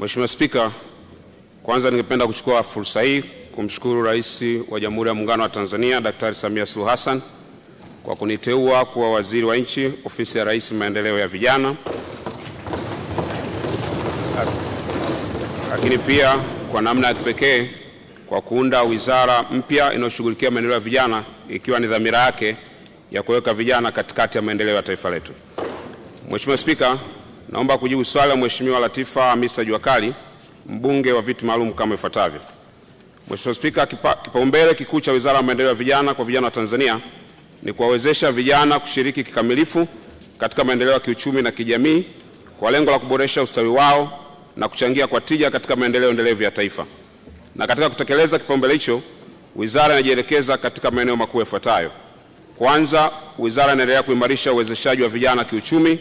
Mheshimiwa Spika, kwanza ningependa kuchukua fursa hii kumshukuru Rais wa Jamhuri ya Muungano wa Tanzania Daktari Samia Suluhu Hassan kwa kuniteua kuwa waziri wa nchi ofisi ya Rais maendeleo ya vijana, lakini pia kwa namna ya kipekee kwa kuunda wizara mpya inayoshughulikia maendeleo ya vijana ikiwa ni dhamira yake ya kuweka vijana katikati ya maendeleo ya taifa letu. Mheshimiwa Spika, Naomba kujibu swali la Mheshimiwa Latifa Hamisa Juakali, mbunge wa viti maalum kama ifuatavyo. Mheshimiwa Spika, kipaumbele kipa kikuu cha Wizara ya Maendeleo ya Vijana kwa vijana wa Tanzania ni kuwawezesha vijana kushiriki kikamilifu katika maendeleo ya kiuchumi na kijamii kwa lengo la kuboresha ustawi wao na kuchangia kwa tija katika maendeleo endelevu ya taifa. Na katika kutekeleza kipaumbele hicho, wizara inajielekeza katika maeneo makuu yafuatayo. Kwanza, wizara inaendelea kuimarisha uwezeshaji wa vijana kiuchumi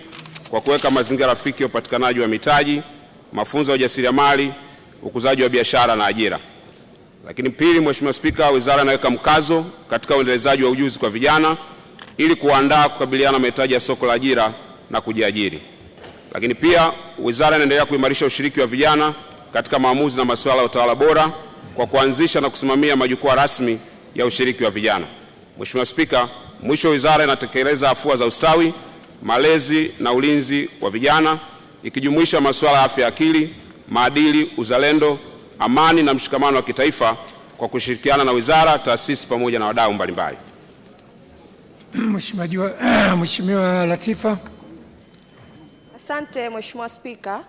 kwa kuweka mazingira rafiki ya upatikanaji wa mitaji, mafunzo ya ujasiriamali, ukuzaji wa biashara na ajira. Lakini pili, Mheshimiwa Spika, wizara inaweka mkazo katika uendelezaji wa ujuzi kwa vijana ili kuandaa kukabiliana na mahitaji ya soko la ajira na kujiajiri. Lakini pia wizara inaendelea kuimarisha ushiriki wa vijana katika maamuzi na masuala ya utawala bora kwa kuanzisha na kusimamia majukwaa rasmi ya ushiriki wa vijana. Mheshimiwa Spika, mwisho wizara inatekeleza afua za ustawi malezi na ulinzi wa vijana ikijumuisha masuala ya afya ya akili, maadili, uzalendo, amani na mshikamano wa kitaifa kwa kushirikiana na wizara, taasisi pamoja na wadau mbalimbali. Mheshimiwa Latifa. Asante Mheshimiwa Spika.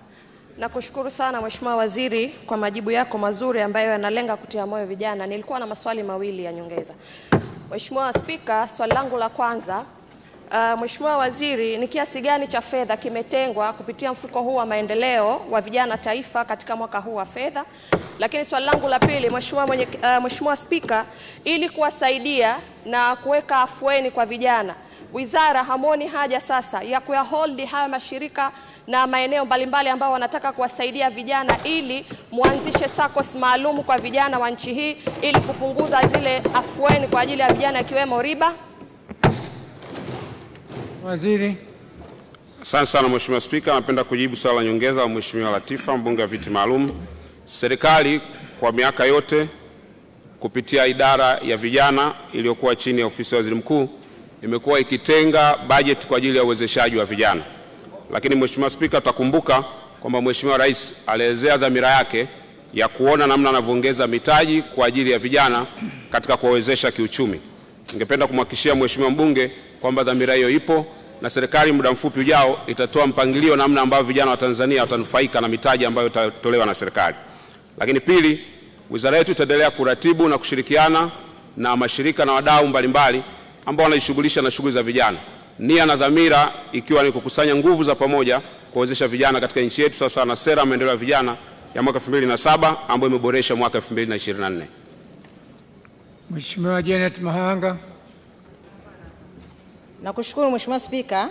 Nakushukuru sana Mheshimiwa Waziri kwa majibu yako mazuri ambayo yanalenga kutia moyo vijana. Nilikuwa na maswali mawili ya nyongeza. Mheshimiwa Spika, swali langu la kwanza Uh, Mheshimiwa Waziri, ni kiasi gani cha fedha kimetengwa kupitia mfuko huu wa maendeleo wa vijana taifa katika mwaka huu wa fedha? Lakini swali langu la pili, Mheshimiwa uh, Spika, ili kuwasaidia na kuweka afueni kwa vijana, wizara hamoni haja sasa ya kuyaholdi haya mashirika na maeneo mbalimbali ambao wanataka kuwasaidia vijana ili mwanzishe SACCOS maalum kwa vijana wa nchi hii ili kupunguza zile afueni kwa ajili ya vijana ikiwemo riba? Waziri. Asante sana Mheshimiwa Spika, napenda kujibu swali la nyongeza la Mheshimiwa Latifa, mbunge wa viti maalum. Serikali kwa miaka yote kupitia idara ya vijana iliyokuwa chini ya ofisi ya waziri mkuu imekuwa ikitenga bajeti kwa ajili ya uwezeshaji wa vijana, lakini Mheshimiwa Spika, takumbuka kwamba Mheshimiwa Rais alielezea dhamira yake ya kuona namna anavyoongeza mitaji kwa ajili ya vijana katika kuwawezesha kiuchumi. Ningependa kumhakikishia Mheshimiwa mbunge kwamba dhamira hiyo ipo na serikali muda mfupi ujao itatoa mpangilio namna ambavyo vijana wa Tanzania watanufaika na mitaji ambayo itatolewa na serikali. Lakini pili, wizara yetu itaendelea kuratibu na kushirikiana na mashirika na wadau mbalimbali ambao wanajishughulisha na shughuli za vijana, nia na dhamira ikiwa ni kukusanya nguvu za pamoja kuwezesha vijana katika nchi yetu sasa na sera ya maendeleo ya vijana ya mwaka 2007 ambayo imeboresha mwaka 2024. Mheshimiwa Janet Mahanga. Nakushukuru Mheshimiwa Spika.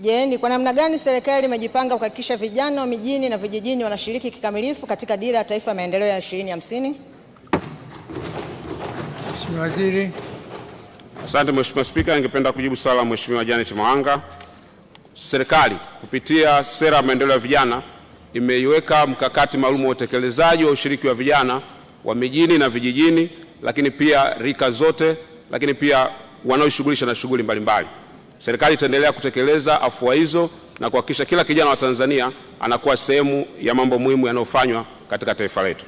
Je, ni kwa namna gani serikali imejipanga kuhakikisha vijana wa mijini na vijijini wanashiriki kikamilifu katika dira ya taifa ya maendeleo ya 2050? Mheshimiwa Waziri. Asante Mheshimiwa Spika, ningependa kujibu swali la Mheshimiwa Janet Mawanga. Serikali kupitia sera ya maendeleo ya vijana imeiweka mkakati maalum wa utekelezaji wa ushiriki wa vijana wa mijini na vijijini, lakini pia rika zote, lakini pia wanaoshughulisha na shughuli mbalimbali. Serikali itaendelea kutekeleza afua hizo na kuhakikisha kila kijana wa Tanzania anakuwa sehemu ya mambo muhimu yanayofanywa katika taifa letu.